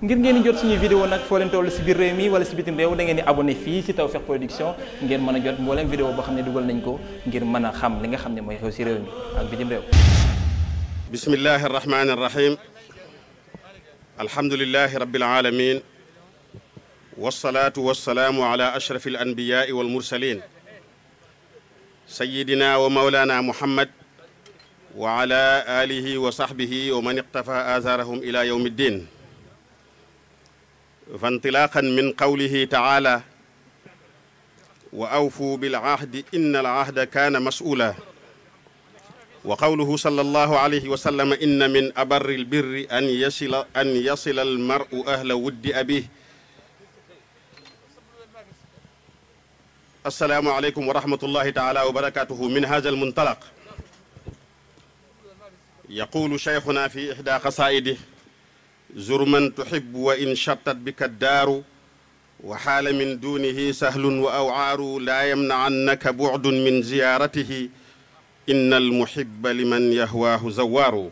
ngir ngeen di jot suñuy vidéo nag foo leen si biir réew mi wala si bitim réew da ngeen di abonné fii si Tawfekh Production ngeen mën a jot mbooleem vidéo boo xam ne dugal nañ ko ngir mën a xam li nga xam ne mooy xew si réew mi ak bitim réew bismillahi arrahmani arrahim alhamdulilahi rabbil alamin wasalaatu wasalaamu ala ashraf al anbiyaai wal mursalin sayidina wa maulana muhammad wa ala alihi wa sahbihi wa man iqtafa azarahum ila yawmi فانطلاقا من قوله تعالى وأوفوا بالعهد إن العهد كان مسؤولا وقوله صلى الله عليه وسلم إن من أبر البر أن يصل أن يصل المرء أهل ود أبيه السلام عليكم ورحمة الله تعالى وبركاته من هذا المنطلق يقول شيخنا في إحدى قصائده zur man tuhibbu wa in chattat bika daaru wa xaala min dunihi sahlun wa awaaru laa yamnacannaka bucdun min ziyaaratihi inna almuhibba liman yahwaahu zawaaru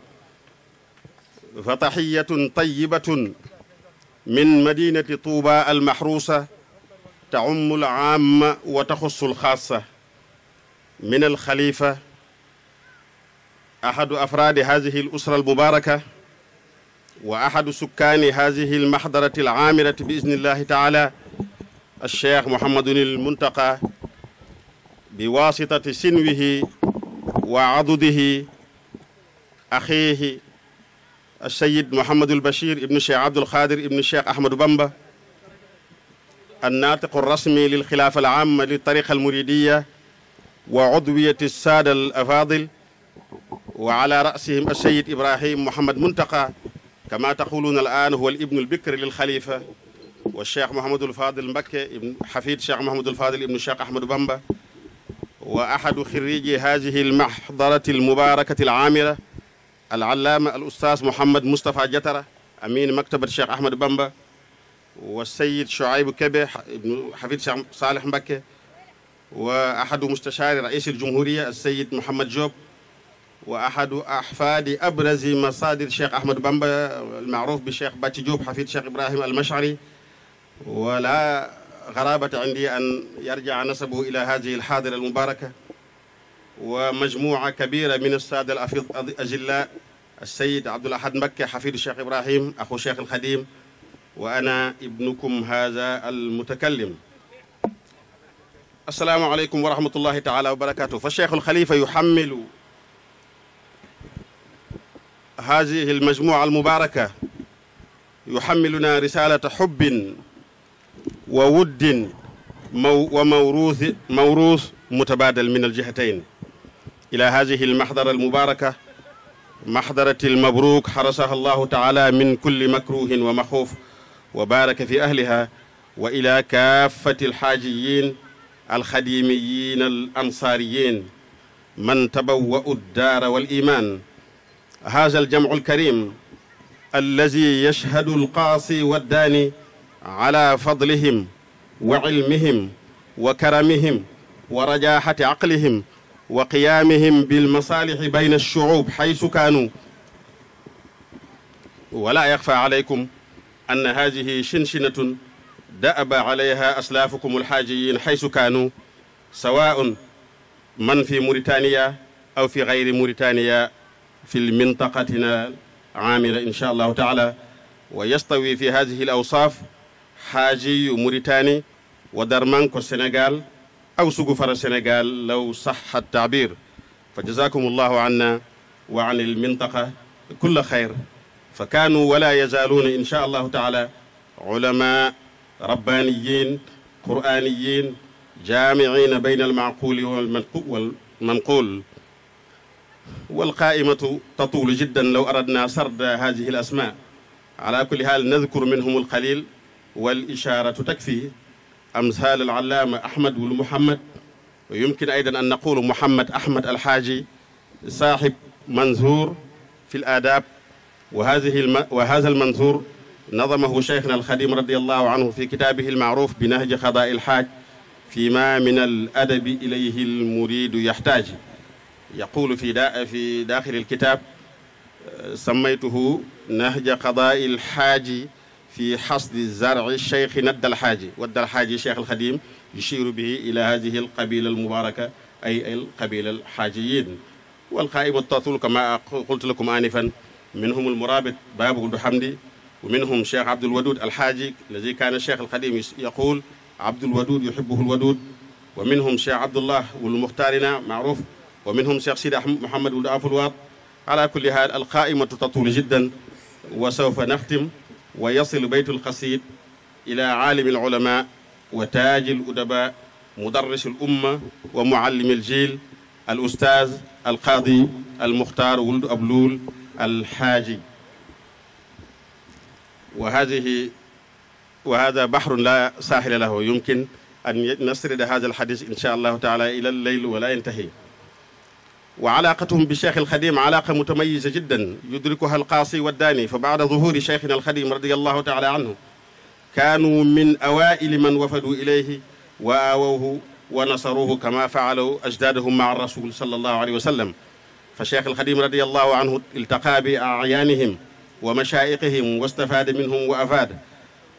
fa taxiyatun tayibatun min madinati tuuba almaxruusa taummu alaama wa taxussu alxaasa min alxalifa ahadu afraadi hadihi alusra almubaaraka wa ahadu sukkaani hadihi almahdarati alaamirati bi idnillahi taala alcheikh mohamadunil muntaqa bi wasitati sinwihi wa adudihi axiihi alsayid mohamadul bachir ibnu cheikh abdulxaadir ibnu cheikh ahmadou bamba الناطق الرسمي للخلافة العامة للطريقة المريدية وعضوية السادة الأفاضل وعلى رأسهم السيد إبراهيم محمد منتقى kama taxuluuna al aan huwa al ibnu al bikr lil xalifa wa cheikh Mouhamadul Fadil Mbakke ibn xafid cheikh Mouhamadul Fadil ibnu cheikh Ahmadou Bamba wa ahadu xiriji hadihi almaxdarati almubarakati alaamira alallaama al ustaas Mouhamad Moustapha Jatara amin maktabat cheikh Ahmadou Bamba wa sayid Shuaybu Kebe ibnu xafid cheikh Saalih Mbakke wa ahadu mustachaari rais aljumhuria al sayid Mouhamad Diop wa ahadu ahfadi abrazi masadir cheikh ahmadou bamba almaaruf bi cheikh bàcci diop xafid cheikh ibrahima almashari wala garabata indi an yarjaa nasabuhu ila hadihi alxaadira almubaraka wa majmuca kabira min alsaada alafid ajilla السيد عبد الأحد مكة حفيد الشيخ إبراهيم أخو الشيخ الخديم وأنا ابنكم هذا المتكلم السلام عليكم ورحمة الله تعالى وبركاته فالشيخ الخليفة يحمل هذه المجموعة المباركة يحملنا رسالة حب وود وموروث موروث متبادل من الجهتين إلى هذه المحضرة المباركة محضرة المبروك حرسها الله تعالى من كل مكروه ومخوف وبارك في أهلها وإلى كافة الحاجيين الخديميين الأنصاريين من تبوأ الدار والإيمان هذا الجمع الكريم الذي يشهد القاصي والداني على فضلهم وعلمهم وكرمهم ورجاحة عقلهم وقيامهم بالمصالح بين الشعوب حيث كانوا ولا يخفى عليكم أن هذه شنشنة دأب عليها أسلافكم الحاجيين حيث كانوا سواء من في موريتانيا أو في غير موريتانيا fi mintaqatina amira insha allahu taala wa yastawi fi hadihi l awsaaf xaajiyu muritaani wa darmanko sénégal aw sugu fara sénégal law saxa taabir fa jazakum allahu anna wa an il mintaqa kulla xayr fa kaanu wala yazaaluuna insha allahu taala ulama rabbaniyin quraniyin jaamiciina bayna almacquuli walmanquul والقائمة تطول جدا لو أردنا سرد هذه الأسماء على كل حال نذكر منهم القليل والإشارة تكفي أمثال العلامة أحمد بن محمد ويمكن أيضا أن نقول محمد أحمد الحاجي صاحب منظور في الآداب وهذه الم... وهذا المنظور نظمه شيخنا الخديم رضي الله عنه في كتابه المعروف بنهج قضاء الحاج فيما من الأدب إليه المريد يحتاج yaqulu fi da fi daaxili alkitaab samaytuhu nahja qadaai alxaaji fi xasdi zarci cheikhina dalxaaji wa dalxaaji cheikh alxadim yushiru bihi ila hadihi alqabila almubaraka ay alqabila alxaajiyin walqaaima tatul kama qultu lakum anifan minhum almurabit baabu guldu xamdi wa minhum cheikh abdulwadud alxaaji alladi kaana cheikh alxadim yaqul abdulwadud yuhibuhu alwadud wa minhum cheikh abdullah walmuxtaarina maaruf wa minhum cheikh sidi ahmad mohamad wuld afulwaat ala kulli haal alqaimatu tatul jiddan wa sawfa naxtim wa yasil baytu lxasid ila aalimi alulama wa taaji ludaba mudarris lumma wa muallimi aljil al ustaaz al qaadi al muxtaar wuld abluul alxaaji wa hadihi wa hada bahrun la saaxila lahu yumkin an nasrida hada alxadis insha allahu taala ila alleyl wala yantahi wa alaaqatuhum bi cheikh alxadim alaaqa mutamayisa jiddan yudrikuha alqaasi waddaani fa baada zuhuri cheikhina alxadim radiallahu taala anhu kaanu min awaili man wafadu ilayhi wa aawawhu wa nasaruhu kama faalaw ajdaadahum maa rasul sallallahu alayhi wa sallam fa cheikh alxadim radiallahu anhu iltaqaa bi acyaanihim wa mashaayiqihim wastafaada minhum wa afaada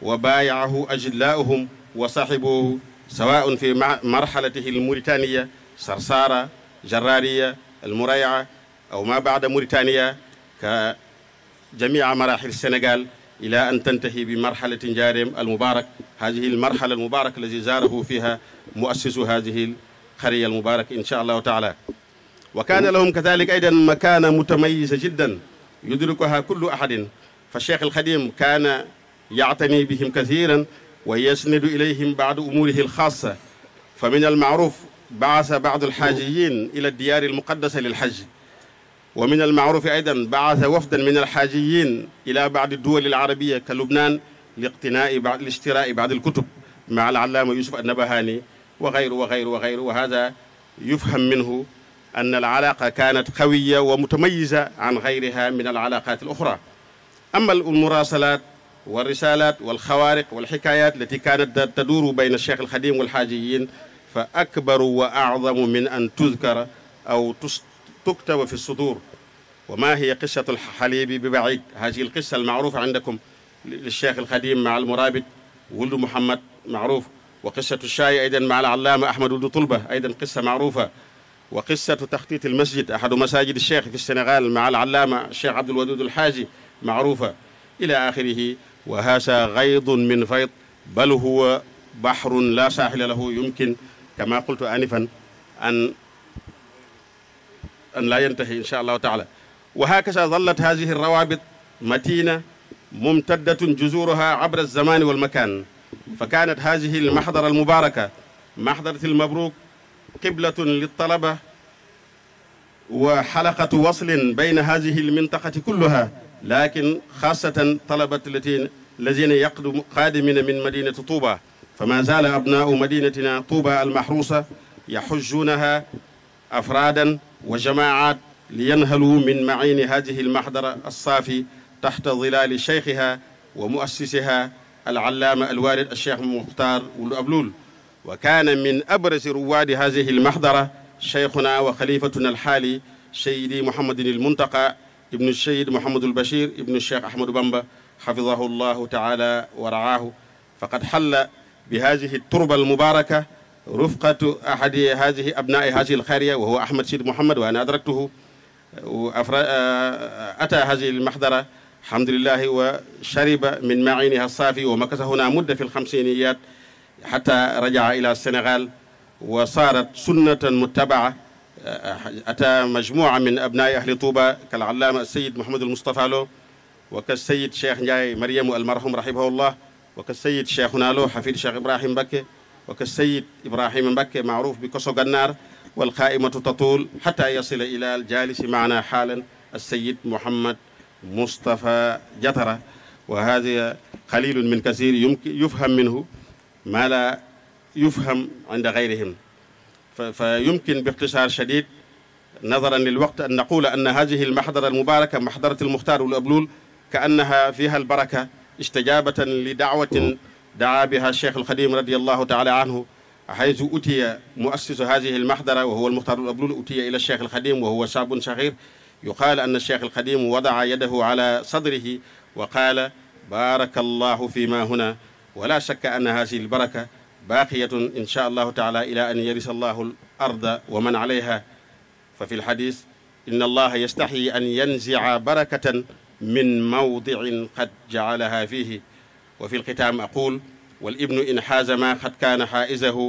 wa baayacahu ajlaa'uhum wa saxibuhu sawaun fi marxalatihi almuritaniya sarsaara jaraariya المريعة أو ما بعد موريتانيا كجميع مراحل السنغال إلى أن تنتهي بمرحلة جارم المبارك هذه المرحلة المباركة الذي زاره فيها مؤسس هذه القرية المباركة إن شاء الله تعالى وكان لهم كذلك أيضا مكانة متميزة جدا يدركها كل أحد فالشيخ الخديم كان يعتني بهم كثيرا ويسند إليهم بعض أموره الخاصة فمن المعروف بعث بعض الحاجيين إلى الديار المقدسة للحج ومن المعروف أيضا بعث وفدا من الحاجيين إلى بعض الدول العربية كلبنان لاقتناء بعض لاشتراء بعض الكتب مع العلامة يوسف النبهاني وغيره وغيره وغيره وهذا يفهم منه أن العلاقة كانت قوية ومتميزة عن غيرها من العلاقات الأخرى أما المراسلات والرسالات والخوارق والحكايات التي كانت تدور بين الشيخ الخديم والحاجيين fa akbaru wa acdamu min an tudkara aw tuktaba fi sudur wa ma hiya qissatu alxalibi bi baid hadihi alqissa almacrufa cindakum للشيخ الخديم مع المرابط ولد محمد معروف وقصة الشاي أيضا مع العلامة أحمد ولد طلبة أيضا قصة معروفة وقصة تخطيط المسجد أحد مساجد الشيخ في السنغال مع العلامة الشيخ عبد الودود الحاجي معروفة إلى آخره وهذا غيض من فيض بل هو بحر لا ساحل له يمكن kama qultu anifan an an la yantahi insha allahu taala wa hakaza zallat hadihi rawabit matina mumtaddatun juzuruha abra alzamani walmakan fa kanat hadihi almahdara almubaraka mahdarati almabruk qiblatun liltalaba wa xalaqatu waslin bayna hadihi almintaqati kulluha lakin xaasatan talabat allati allazina yaqadimina min madinati tuuba fa ma zaala abnaau madinatina tuuba almahruusa yaxujjuunaha afraadan wa jamaacaat liyanhaluu min maciini hadihi almaxdara alsaafi taxta zilaali cheikhiha wa muassisiha alcallaama alwaalid alcheikh muxtaar wulu abluul wa kaana min abrasi ruwaadi hadihi almaxdara cheikhuna wa xalifatuna alxaali seyidi muhammadin almuntaqa ibnu seyid muhammadul bachir ibnu cheikh ahmadou bamba xafidahu allahu taala wa raahu faqad xalla بهذه التربة المباركة رفقة أحد هذه أبناء هذه الخارية وهو أحمد سيد محمد وأنا أدركته أتى هذه المحضرة الحمد لله وشرب من معينها الصافي ومكث هنا مدة في الخمسينيات حتى رجع إلى السنغال وصارت سنة متبعة أتى مجموعة من أبناء أهل طوبة كالعلامة السيد محمد المصطفى له وكالسيد شيخ جاي مريم المرحوم رحمه الله wa ka sayid cheikhuna lo hafid cheikh ibrahima mbakke wa ka sayid ibrahima mbakke maaruf bi koso gannaar wal qaimatu tatul hatta yasila ila al jalisi maana haalan السيد محمد مصطفى جترة وهذا قليل من كثير يمكن يفهم منه ما لا يفهم عند غيرهم فيمكن باختصار شديد نظرا للوقت أن نقول أن هذه المحضرة المباركة محضرة المختار والأبلول كأنها فيها البركة istijaabatan li daawatin daa biha cheikh alxadim radiallahu taala anhu haytu utiya muassisu hadihi almahdara wa huwa almuxtaar alablul utiya ila cheikh alxadim wa huwa shaabun saxiir yuqaal anna cheikh alxadim wadaca yadahu ala sadrihi wa qaala baaraka allahu fi ma huna wala shakka anna hadihi albaraka baaqiyatun insha allahu taala ila an yarisa allahu arda wa man alayha fa fi lxadis inna allaha yastaxyi an yanzica barakatan min mawdicin qad jacalaha fiihi wa fi lxitaam aqul walibnu in xaazama qad kaana xaa'izahu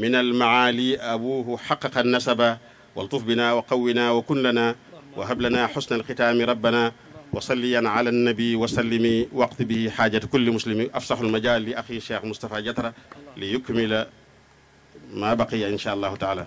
min almacaali abuuhu xaqaqa nasaba waltuf bina wa qawwina wa kun lana wa hab lana xusna alxitaami rabbana wa salliyan ala annabi wa sallimi waqti bihi xaajat kulli muslimi afsaxu almajaal li axi cheikh Moustapha Diatara li yukmila maa baqiya insha allahu taala